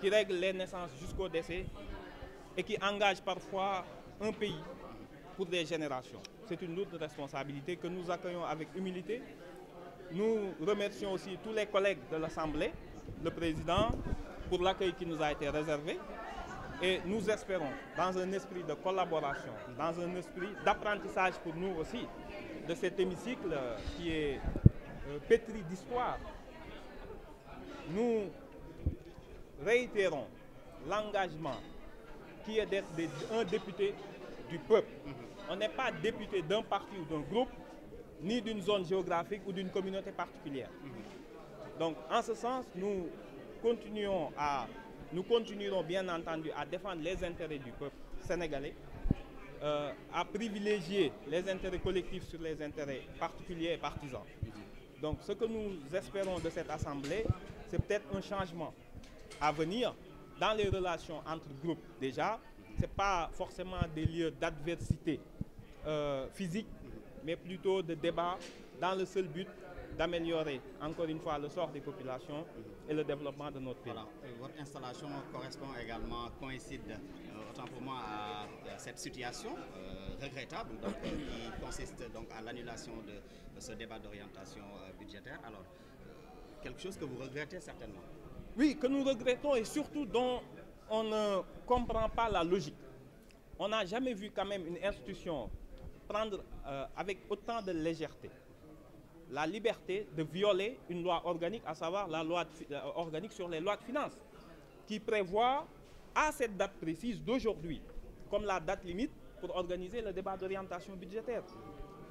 qui règle les naissances jusqu'au décès et qui engage parfois un pays pour des générations. C'est une lourde responsabilité que nous accueillons avec humilité. Nous remercions aussi tous les collègues de l'Assemblée, le président, pour l'accueil qui nous a été réservé. Et nous espérons, dans un esprit de collaboration, dans un esprit d'apprentissage pour nous aussi, de cet hémicycle euh, qui est euh, pétri d'histoire, réitérons l'engagement qui est d'être un député du peuple. Mhm. On n'est pas député d'un parti ou d'un groupe, ni d'une zone géographique ou d'une communauté particulière. Mhm. Donc, en ce sens, nous continuons à, nous continuerons bien entendu à défendre les intérêts du peuple sénégalais, euh, à privilégier les intérêts collectifs sur les intérêts particuliers et partisans. Mhm. Donc, ce que nous espérons de cette assemblée, c'est peut-être un changement à venir dans les relations entre groupes déjà c'est pas forcément des lieux d'adversité euh, physique mais plutôt de débat dans le seul but d'améliorer encore une fois le sort des populations et le développement de notre pays. Voilà. Votre installation correspond également, coïncide euh, autant pour à, cette situation euh, regrettable donc, euh, qui consiste donc à l'annulation de, de ce débat d'orientation euh, budgétaire. Alors, quelque chose que vous regrettez certainement. Oui, que nous regrettons et surtout dont on ne comprend pas la logique. On n'a jamais vu quand même une institution prendre euh, avec autant de légèreté la liberté de violer une loi organique, à savoir la loi de, euh, organique sur les lois de finances, qui prévoit à cette date précise d'aujourd'hui, comme la date limite pour organiser le débat d'orientation budgétaire.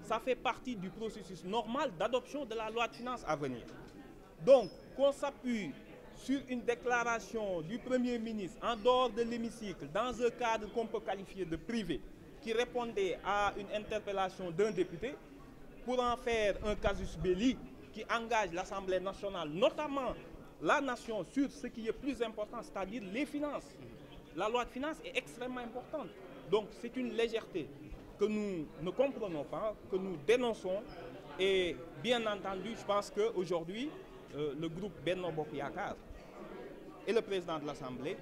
Ça fait partie du processus normal d'adoption de la loi de finances à venir. Donc, qu'on s'appuie sur une déclaration du Premier ministre en dehors de l'hémicycle, dans un cadre qu'on peut qualifier de privé, qui répondait à une interpellation d'un député pour en faire un casus belli qui engage l'Assemblée nationale, notamment la nation, sur ce qui est plus important, c'est-à-dire les finances. La loi de finances est extrêmement importante. Donc c'est une légèreté que nous ne comprenons pas, que nous dénonçons. Et bien entendu, je pense qu'aujourd'hui, Euh, le groupe Benno Bokk Yaakaar et le président de l'Assemblée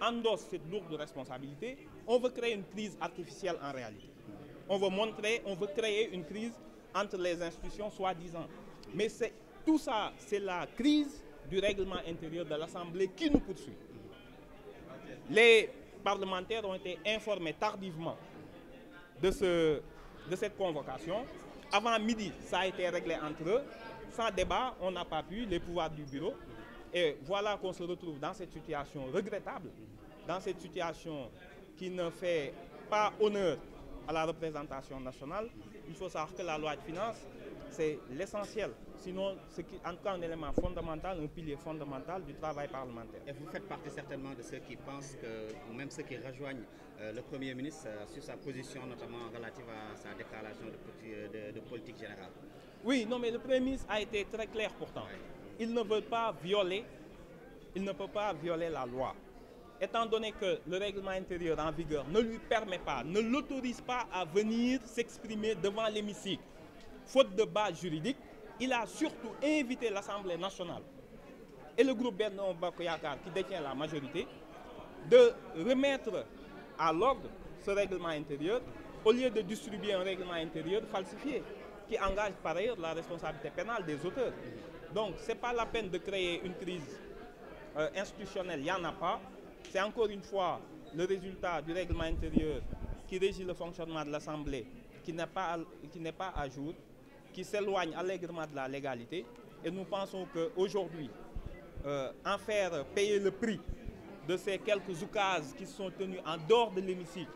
endosse cette lourde responsabilité, on veut créer une crise artificielle en réalité. On veut montrer, on veut créer une crise entre les institutions soi-disant. Mais c'est tout ça, c'est la crise du règlement intérieur de l'Assemblée qui nous poursuit. Les parlementaires ont été informés tardivement de ce, de cette convocation. Avant midi, ça a été réglé entre eux. sans débat, on n'a pas pu, les pouvoirs du bureau. Et voilà qu'on se retrouve dans cette situation regrettable, dans cette situation qui ne fait pas honneur à la représentation nationale. Il faut savoir que la loi de finances, c'est l'essentiel, sinon en tout cas un élément fondamental, un pilier fondamental du travail parlementaire. Et vous faites partie certainement de ceux qui pensent que, même ceux qui rejoignent euh, le Premier ministre euh, sur sa position, notamment relative à sa déclaration de, euh, de, de, politique générale. Oui, non, mais le Premier ministre a été très clair pourtant. Il ne veut pas violer la loi. étant donné que le règlement intérieur en vigueur ne lui permet pas, ne l'autorise pas à venir s'exprimer devant l'hémicycle, faute de base juridique, il a surtout invité l'Assemblée nationale et le groupe Bernon Bakoyakar, qui détient la majorité, de remettre à l'ordre ce règlement intérieur au lieu de distribuer un règlement intérieur falsifié qui engage par ailleurs la responsabilité pénale des auteurs. Donc, ce n'est pas la peine de créer une crise euh, institutionnelle, C'est encore une fois le résultat du règlement intérieur qui régit le fonctionnement de l'Assemblée, qui n'est pas, qui n'est pas à jour, qui s'éloigne allègrement de la légalité. Et nous pensons qu'aujourd'hui, euh, en faire payer le prix de ces quelques oukases qui se sont tenus en dehors de l'hémicycle,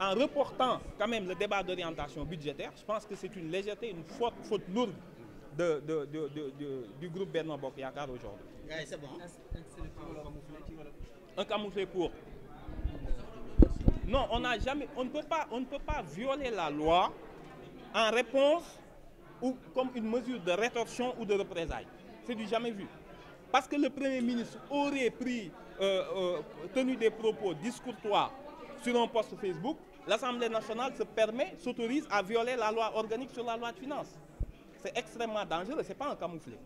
en reportant quand même le débat d'orientation budgétaire, je pense que c'est une légèreté, une faute, lourde de, de, de, de, du groupe Bernard Bokyakar aujourd'hui. un camouflet court. Non, on n'a jamais on ne peut pas on ne peut pas violer la loi en réponse comme une mesure de rétorsion ou de représailles. C'est du jamais vu. Parce que le Premier ministre aurait pris euh, euh, tenu des propos discourtois sur un post Facebook, l'Assemblée nationale se permet, s'autorise à violer la loi organique sur la loi de finances. C'est extrêmement dangereux, c'est pas un camouflet.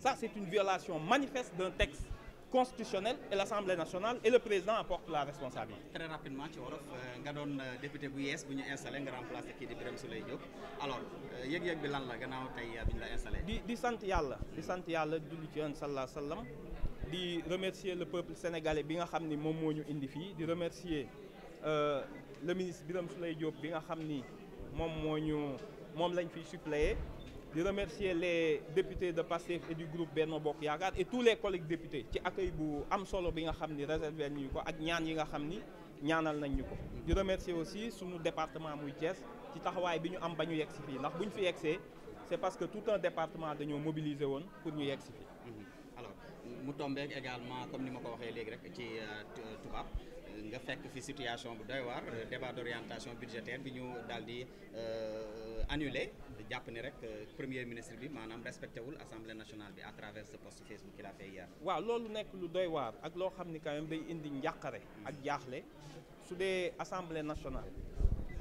Ça, c'est une violation manifeste d'un texte constitutionnel et l'Assemblée nationale et le président apporte la responsabilité. très rapidement ci wolof euh, nga doon euh, député bu yees bu ñu installé nga remplacé kii di Birame Souleye Diop alors euh, yëg-yëg bi lan la gannaaw tey bi ñu la installé. di sant yàlla di sant yàlla julli ci yoon sallallahu la wasallam di remercier la peuple sénégalais bi nga xam ni moom moo ñu indi fii di remercier le ministre Birame lay Diop bi nga xam ni moom moo ñu moom lañ fi suppléer. di remercier les députés de PASTEF et du groupe Benno Bokk Yaakaar et tous les collègues députés ci accueil bu am solo bi nga xam ni réservé nañu ko ak ñaan yi nga xam ni ñaanal nañ ñu ko. di remercier aussi suñu département muy Thiès ci taxawaay bi ñu am ba ñu yegg si fii ndax bu ñu fi yeggsee c'est parce que tout un département dañoo mobiliser woon pour ñu yegg si fii. mu tombeek également comme ni ma ko waxee léegi rek ci euh, euh, tubaab nga fekk fi situation bu doy waar euh, débat d'orientation budgétaire bi ñu daal di annulé jàpp ni rek premier ministre bi maanaam respecté wul assemblée nationale bi à travers ce post Facebook qu'il a fait hier. waaw loolu nekk lu doy waar ak loo xam ni quand même day indi njàqare ak jaaxle su dee assemblée nationale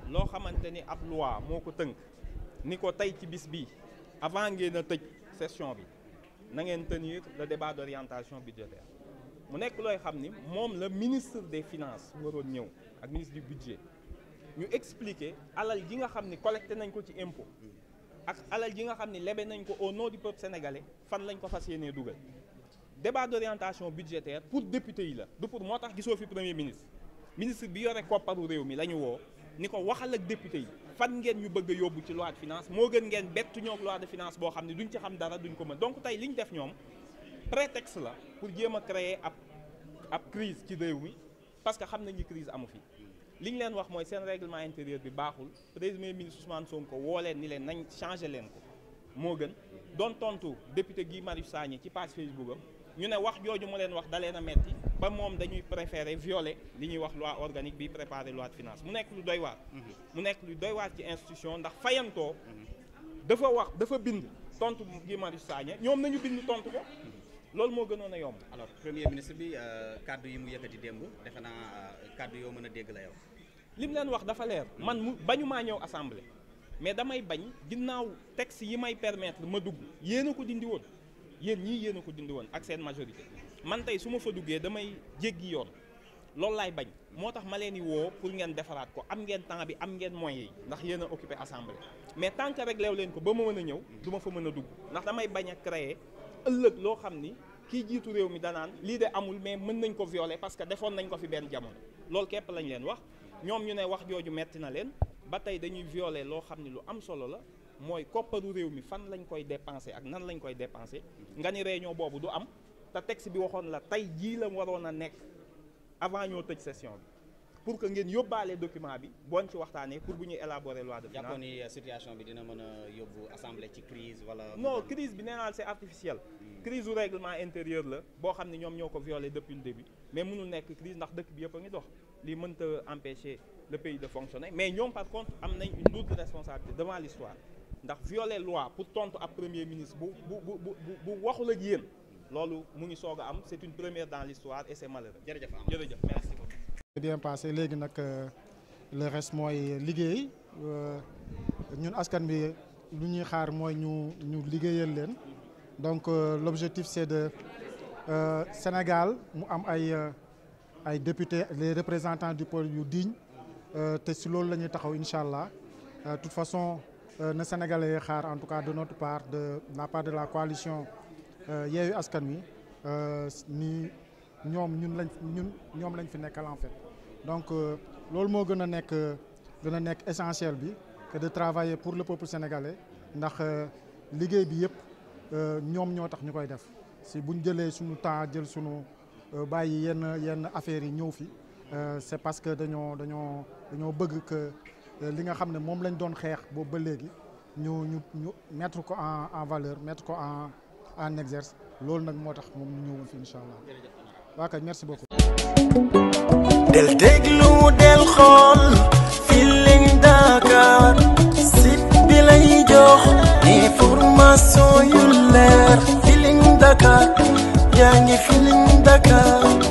loo xamante ni ab loi moo ko tënk ni ko tey ci bis bi avant ngeen a tëj session bi. na ngeen tenir le débat d'orientation budgétaire mu nekk looy xam ni moom la ministre des finance waroon ñëw ak ministre du budget ñu expliquer alal ji nga xam ni collecté nañ ko ci impôt ak alal ji nga xam ni lebe nañ ko au nom du peuple sénégalais fan lañ ko fas yéenee dugal débat d'orientation budgétaire pour député yi la du pour moo tax gisoo fi premier ministre ministre bi yore kopparu réew mi la ñu woo ni ko waxal ak député yi fan ngeen ñu bëgg a yóbbu ci loi de finance moo gën ngeen bett ñoog loi de finance boo xam ne duñ ci xam dara duñ ko mën donc tey li ñu def ñoom prétexte la pour jéem a créer ab ab crise ci réew mi parce que xam nañ ni crise amu fi li ñu leen wax mooy seen réglement intérieur bi baaxul premier ministre Ousmane ko woo leen ni leen nañ changé leen ko moo gën doon tontu député Guy Marius Sagna ci page Facebook am ñu ne wax jooju mu leen wax dalee na metti ba moom dañuy préférer violer li ñuy wax loi organique bi préparer loi de finance mu nekk lu doy mhm. mu nekk lu doy ci institution ndax fayantoo mhm. dafa wax dafa bind tontu Guy Marius Sagna ñoom nañu bind tontu ko loolu moo gënoon a yomb. alors premier ministre bi euh, kàddu yi mu yëkkati démb defe naa euh, kàddu yoo mën a dégg la yow. li mu leen wax dafa leer. Mhm. man mu bañu maa ñëw assemblée mais damay bañ ginnaaw texte yi may permettre ma dugg yéen a ko dindi woon. yéen ñii yéen a ko dindi woon ak seen majorité man tey su ma fa duggee damay jéggi yoon loolu laay bañ moo tax ma leen di woo pour ngeen defaraat ko am ngeen temps bi am ngeen moyens yi ndax yéen a occupé assemblée mais tant que rek leew leen ko ba ma mën a ñëw du ma fa mën a dugg ndax damay bañ a créer ëllëg loo xam ni kii jiitu réew mi danaan lii de amul mais mën nañ ko violer parce que defoon nañ ko fi benn jamono loolu képp lañ leen wax ñoom ñu ne wax jooju metti na leen ba tey dañuy violer loo xam ni lu am solo la mooy kopparu réew mi fan lañ koy dépensé ak nan lañ koy dépensé nga ni réunion boobu du am te texte bi waxoon la tey jii la waroon a nekk avant ñoo tëj session bi pour que ngeen yóbbaale document bi boon ci waxtaanee pour bu ñuy élaborer loi de finance. jàppoon euh, situation bi dina mën a yóbbu assemblée ci crise wala. non crise bi nee naa c'est artificielle. Hmm. crise u règlement intérieur la boo xam ne ñoom ñoo ko violé depuis le début mais mënul nekk crise ndax dëkk bi yëpp a ngi dox li mënta empêcher de fonctionner mais ñoom par contre am nañ une lourde responsabilité devant ndax violer loi pour tontu ab premier ministre bu bu bu bu bu waxul ak yéen loolu mu ngi soog a am c'est une première dans l'histoire et c'est malheureux. jërëjëf jërëjëf merci beaucoup. bien léegi nag euh, le reste mooy liggéey euh, ñun askan bi lu ñuy xaar mooy ñu ñu liggéeyal leen donc euh, l'objectif c'est de euh, Sénégal mu am ay ay députés représentant représentants du peuple yu digne te si loolu la ñuy taxaw incha allah de toute façon. Euh, na Sénégalais xaar en tout cas de notre part de la part de la coalition euh, Yewwi Askan Wi euh, ni ñoom ñun lañ ñun ñoom lañ fi nekk en donc loolu moo gën a nekk gën a nekk essentiel bi que de travailler pour le peuple sénégalais ndax liggéey bi yëpp ñoom ñoo tax ñu koy def si buñ jëlee suñu temps jël suñu bàyyi yenn yenn affaires yi ñëw fi c'est parce que dañoo dañoo dañoo bëgg que li nga xam ne moom lañ doon xeex boobu ba léegi ñu ñu ñu ko en en valeur mettre ko en en exerce loolu nag moo tax moom ñu ñëwoon fi incha allah waa kay merci beaucoup. del déglu del xool Feeling Dakar site lay jox information yu leer Feeling Dakar yaa ngi Feeling Dakar.